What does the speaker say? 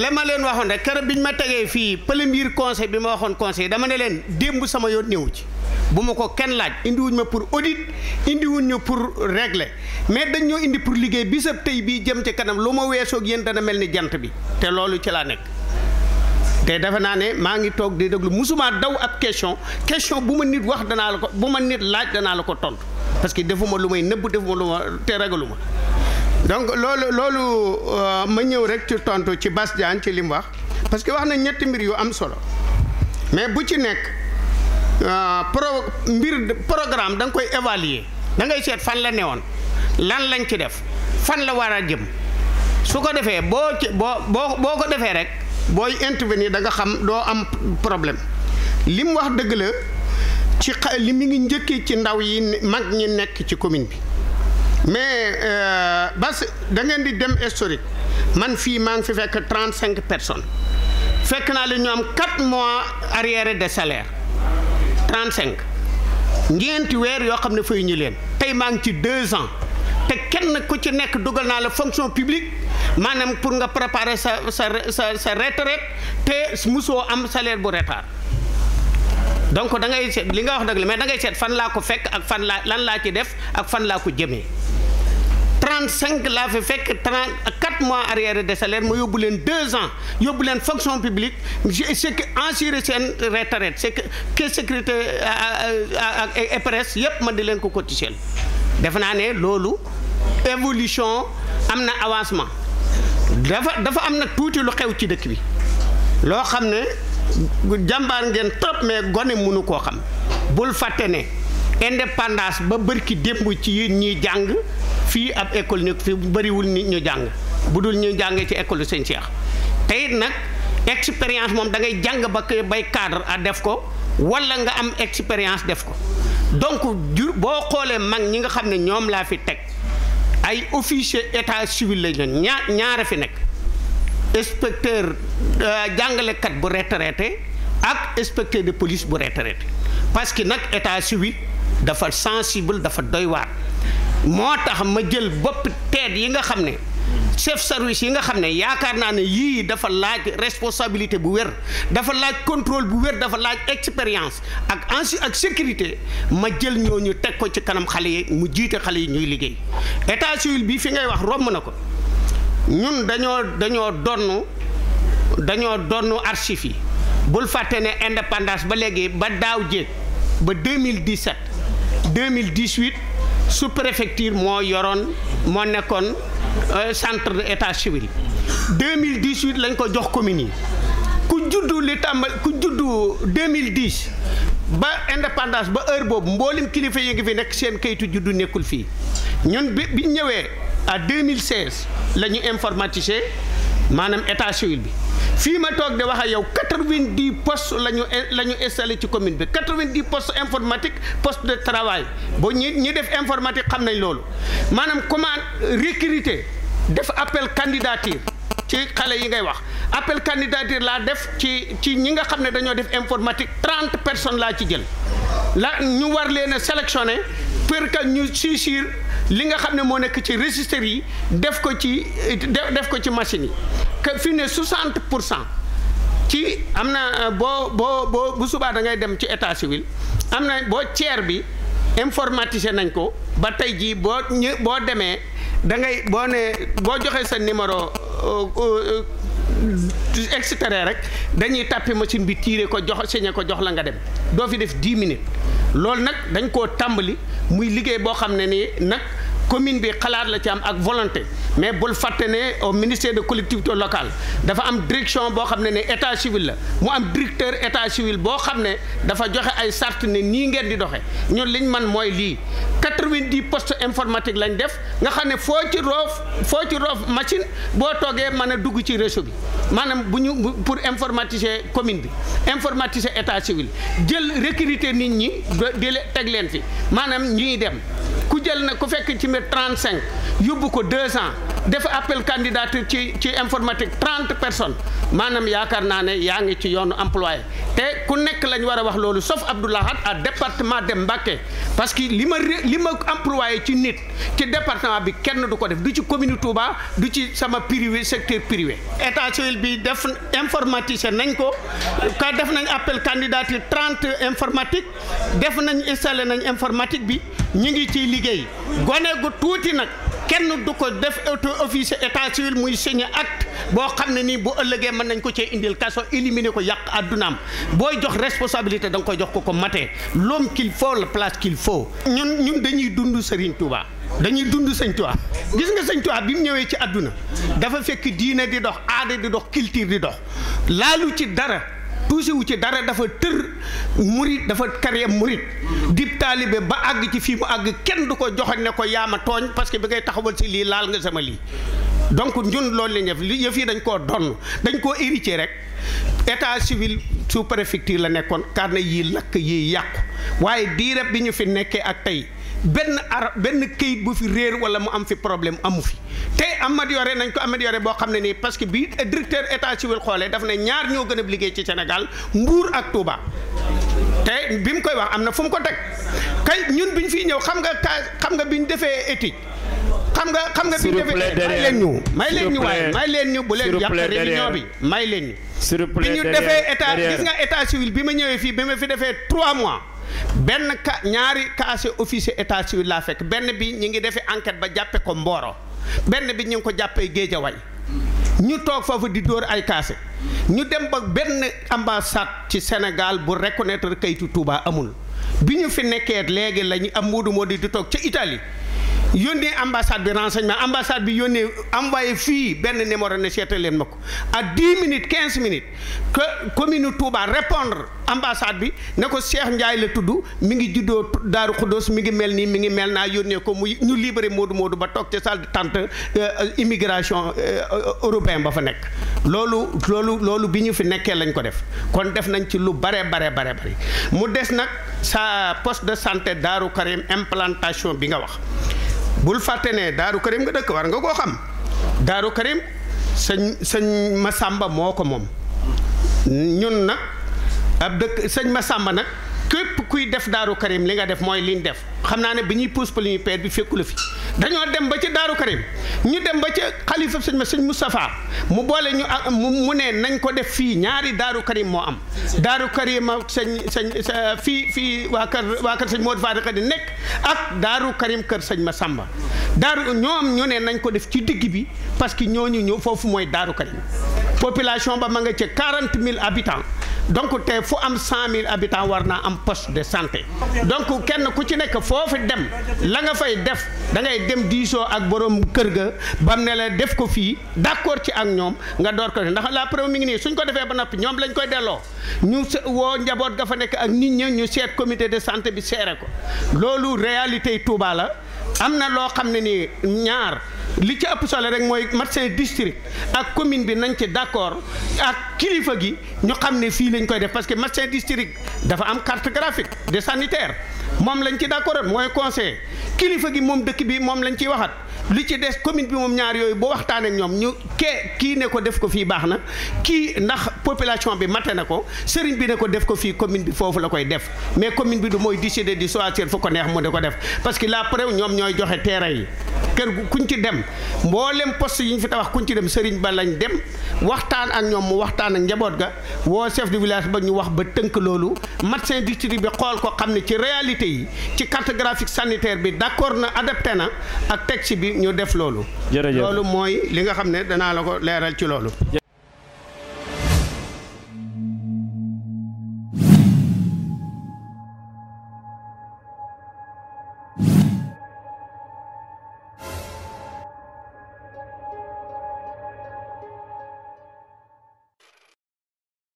la ma leen waxoon rek keroog bi ñu ma tegee fii premier conseil bi ma waxoon conseil dama ne leen démb sama yoon néew ci bu ma ko kenn laaj indiwuñ ma pour audit indiwuñ ñu pour régler mais dañ ñoo indi pour liggéey bi bisab tey bii jëm ci kanam lu ma weesoog yéen dana mel ni jant bi te loolu ci laa nekk. te defe naa ne maa ngi toog di déglu musuma daw ab question question bu ma nit wax danaa la ko bu ma nit laaj danaa la ko tontu parce que defuma lu may nëbb defuma te ragalu ma. donc loolu loolu euh, ma ñëw rek ci tontu ci Bass Diagne ci li mu wax parce que wax na ñetti mbir yu am solo mais bu ci nekk euh, pro mbir programme da nga koy évaluer dangay ngay seet fan la newoon lan lañ ci def fan la war a jëm su ko defee boo ci boo boo boo ko defee rek booy intervenir da nga xam doo am problème li mu wax dëgg la ci li mu ngi njëkkee ci ndaw yi mag ñi nekk ci commune bi. mais euh, bas da ngeen di dem historique man fii maa ngi fi fekk trente cinq personnes fekk naa leen ñu am quatre mois arriéré de salaire trente cinq ñeenti weer yoo xam ne fay ñu leen tey maa ngi ci deux ans te kenn ku ci nekk dugal naa la fonction publique maanaam pour nga préparer sa sa sa sa retraite te musoo am salaire bu retard donc da ngay seet li nga wax dëgg la mais da ngay seet fan laa ko fekk ak fan laa lan laa ci def ak fan laa ko jëmee. trente cinq laa fi fekk trente quatre mois arrière de salaire ma yóbbu leen deux ans yóbbu leen fonction publique c'est que assuré seen retraite se que que sécurité euh, euh, euh, ak EPRES yépp ma di leen ko cotiser defe naa ne loolu évolution am na avancement dafa dafa am na tuuti lu xew ci dëkk bi loo xam ne jàmbaar ngeen trop mais gone mënu koo xam bul fàtte ne indépendance ba bërki démb ci yéen jàng fii ab école nekk fi bëriwul nit ñu jàng bu dul ñu jàngee ci école sëñ Cheikh te it nag expérience moom da ngay jàng ba bay cadre a def ko wala nga am expérience def ko donc jur boo xoolee mag ñi nga xam ne ñoom laa fi teg ay officier état civil lañ doon ñaar ñaara fi nekk inspecteur euh, jàngalekat bu retraité ak inspecteur de police bu retraité parce que nag état civil dafa sensible dafa doy waar moo tax ma jël bopp teet yi nga xam ne chef service yi nga xam ne yaakaar naa ne yii dafa laaj responsabilité bu wér dafa laaj contrôle bu wér dafa laaj expérience ak enc ak sécurité ma jël ñu teg ko ci kanam xale yi mu jiite xale yi ñuy liggéey état civil bi fi ngay wax romb na ko ñun dañoo dañoo donn dañoo donn archives yi bul fàtte ne independance ba léegi ba daaw jéeg ba 2017 2018 sous préfecture moo yoroon moo nekkoon euh, centre de état civil 2018 lañ ko jox commune yi ku juddu li tàmbal ku juddu 2010 ba indépendance ba heure boobu mboolim kilifa yi ngi fi nekk seen kayitu juddu nekkul fii ñun bi bi ñëwee à 2016 la ñu informatisé maanaam état civil bi. fii ma toog de wax ak yow quatre-vingt-dix postes la ñu la ñu installé ci commune bi quatre-vingt-dix postes informatique poste de travail bo ñi ñi def informatique xam nañ loolu maanaam comment recruter def appel candidature ci xale yi ngay wax appel candidature laa def ci ci ñi nga xam ne dañoo def informatique trente personnes laa ci jël la ñu war leen a sélectionner pour que ñu siisir li nga xam ne moo nekk ci registres yi def ko ci def ko ci machine yi que fi ne pour cent ci am na euh, boo boo boo bu subaa da ngay dem ci état civil am na boo tiers bi informatisé nañ ko ba tey jii boo ñu boo demee da ngay boo ne boo joxee sa numéro euh, euh, et cetera rek dañuy tàppi machine bi tiire ko jox signé ko jox la nga dem doo fi def 10 minutes loolu nag dañ koo tàmbali. muy liggéey boo xam ne nii nag commune bi xalaat la ci am ak volonté mais bul fàtte ne au ministère de collectivité locale dafa am direction boo xam ne ne état civil la mu am directeur état civil boo xam ne dafa joxe ay sart ne nii ngeen di doxe ñun liñ man mooy lii 90 postes informatiques lañ def nga xam ne foo ci roof foo ci roof machine boo toogee mën a dugg ci réseau bi maanaam bu ñu pour informatiser commune bi informatiser état civil jël recruter nit ñi di teg leen fi maanaam ñuy dem ku jël na ku fekk ci mbir cinq yóbbu ko 2 ans def appel candidature ci ci informatique 30 personnes maanaam yaakaar naa ne yaa ngi ci yoonu employé te ku nekk lañ war a wax loolu sauf Abdoulahat à département de Mbacké parce que li ma li ma employé ci nit ci département bi kenn du ko def du ci commune Touba du ci sama privé secteur privé état civil bi def informaticien nañ ko ka def nañu appel candidature 30 informatique def nañ installé nañ informatique bi ñu ngi ciy liggéey gone gu tuuti nag kenn du ko def auto officier état civil muy signé acte boo xam ne nii bu ëllëgee mën nañ ko cee indil kaso éliminer ko yàq àddunaam booy jox responsabilité da nga koy jox ko ko matee l'homme qu'il faut la place qu'il faut ñun ñun dañuy dund Serigne Touba dañuy dund sëñ Touba gis nga sëñ Touba bi mu ñëwee ci àdduna dafa fekk diine di dox aada di dox culture di dox laalu ci dara touché wu ci dara dafa tër murit dafa karee murit dib taalibe ba àgg ci fii mu àgg kenn du ko joxoñ ne ko yaama tooñ parce que bi ngay taxawal si lii laal nga sama lii donc ñun loolu lañ def li yëf yi dañ koo donn dañ koo héritier rek état civil sous préfecture la nekkoon carnet yii lakk yi yàqu waaye diirab bi ñu fi nekkee ak tey benn ar benn këyit bu fi réer wala mu am fi problème amu fi te amélioré nañ ko amélioré boo xam ne nii parce que bi directeur état civil xoolee daf ne ñaar ñoo gën a liggéey ci Sénégal Mbuur ak Touba te bi mu koy wax am na fu mu ko teg kay ñun bi ñu fiy ñëw xam nga ka xam nga bi ñu defee étit xam nga xam nga bi ñu defee may leen ñu may leen ñu waaye may leen ñu bu leen yàq réunion bi may leen ñu bi ñu defee état gis nga état civil bi ma ñëwee fii bi ma fi defee trois mois benn ka ñaari casier officier état civil laa fekk benn bi ñu ngi defee enquête ba jàppee ko Mboro benn bi ñu ngi ko jàppee Géejawaay ñu toog foofu di dóor ay casier ñu dem ba benn ambassade ci Sénégal bu reconnaître kayitu Touba amul bi ñu fi nekkee léegi lañu ñu am moodu moodu di toog ca itali yónnee ambassade bi renseignement ambassade bi yónnee envoyé fii benn numéro ne seetal leen ma ko à dix minutes quinze minutes que commune Touba répondre ambassade bi ne ko Cheikh Ndiaye la tudd mi ngi juddoo Daaru Xuddoos mi ngi mel nii mi ngi mel naa yónnee ko mu ñu libéré Modou Modou ba toog ca salle d'attente euh, immigration euh, européen ba fa nekk loolu loolu loolu bi ñu fi nekkee lañ ko def kon def nañ ci lu bare bare bare bare mu des nag sa poste de santé Daaru Karim implantation bi nga wax bul fàtte ne daaru karim nga dëkk war nga koo xam daaru karim sañ sëñ ma Masamba moo ko moom ñun nag ab dëkk sëñ Masamba nag képp kuy def daaru karim li nga def mooy liñ def xam naa ne bi ñuy puus pali ñu peer bi fekku la fi dañoo dem ba ci Daaru Karim ñu dem ba ca kalifa sëñ ma sëñ Moustapha mu boole ñu mu ne nañ ko def fii ñaari Daaru Karim moo am Daaru Karim sëñ sëñ fii fii waa kër waa kër sëñ Modou Fadi Khady nekk ak Daaru Karim kër sëñ ma Samba daaru ñoom ñu ne nañ ko def ci digg bi parce que ñu ñëw foofu mooy Daaru Karim population ba ma nga ca quarante mille habitants donc te fu am cent mille habitants war naa am poste de santé donc kenn ku ci nekk foofu dem la nga fay def da ngay dem diisoo ak borom kër ga bam ne la def ko fii d'accord ci ak ñoom nga door ko ndax la preuve mi ngi nii suñ ko defee ba noppi ñoom lañ koy delloo ñu woo njaboot ga fa nekk ak nit ñi ñu seet comité de santé bi seere ko loolu réalité Touba la am na loo xam ne nii ñaar li ci ëpp solo rek mooy médecin district ak commune bi nañ ci d'accord ak kilifa gi ñu xam ne fii lañ koy def parce que médecin district dafa am carte graphique de sanitaire moom lañ ci d'accord mooy conseil kilifa gi moom dëkk bi moom lañ ciy waxat li ci des commune bi moom ñaar yooyu boo waxtaanee ñoom ñu kee kii ne ko def ko fii baax na kii ndax population bi mate na ko sëriñ bi ne ko def ko fii commune bi foofu la koy def mais commune bi du mooy décider di choisir fu ko neex mu que la preuve ñoom ñooy joxe terrain yi kër gu kuñ ci dem mboolem post yi ñu fi tabax kuñ ci dem sëriñ ba lañ dem waxtaan ak ñoom mu waxtaan ak njaboot ga woo chef de village ba ñu wax ba tënk loolu médecin district bi xool ko xam ne ci réalité yi ci carte graphique sanitaire bi d'accord na adapté na ak texte bi ñu def loolu. loolu mooy li nga xam ne danaa la ko leeral ci loolu.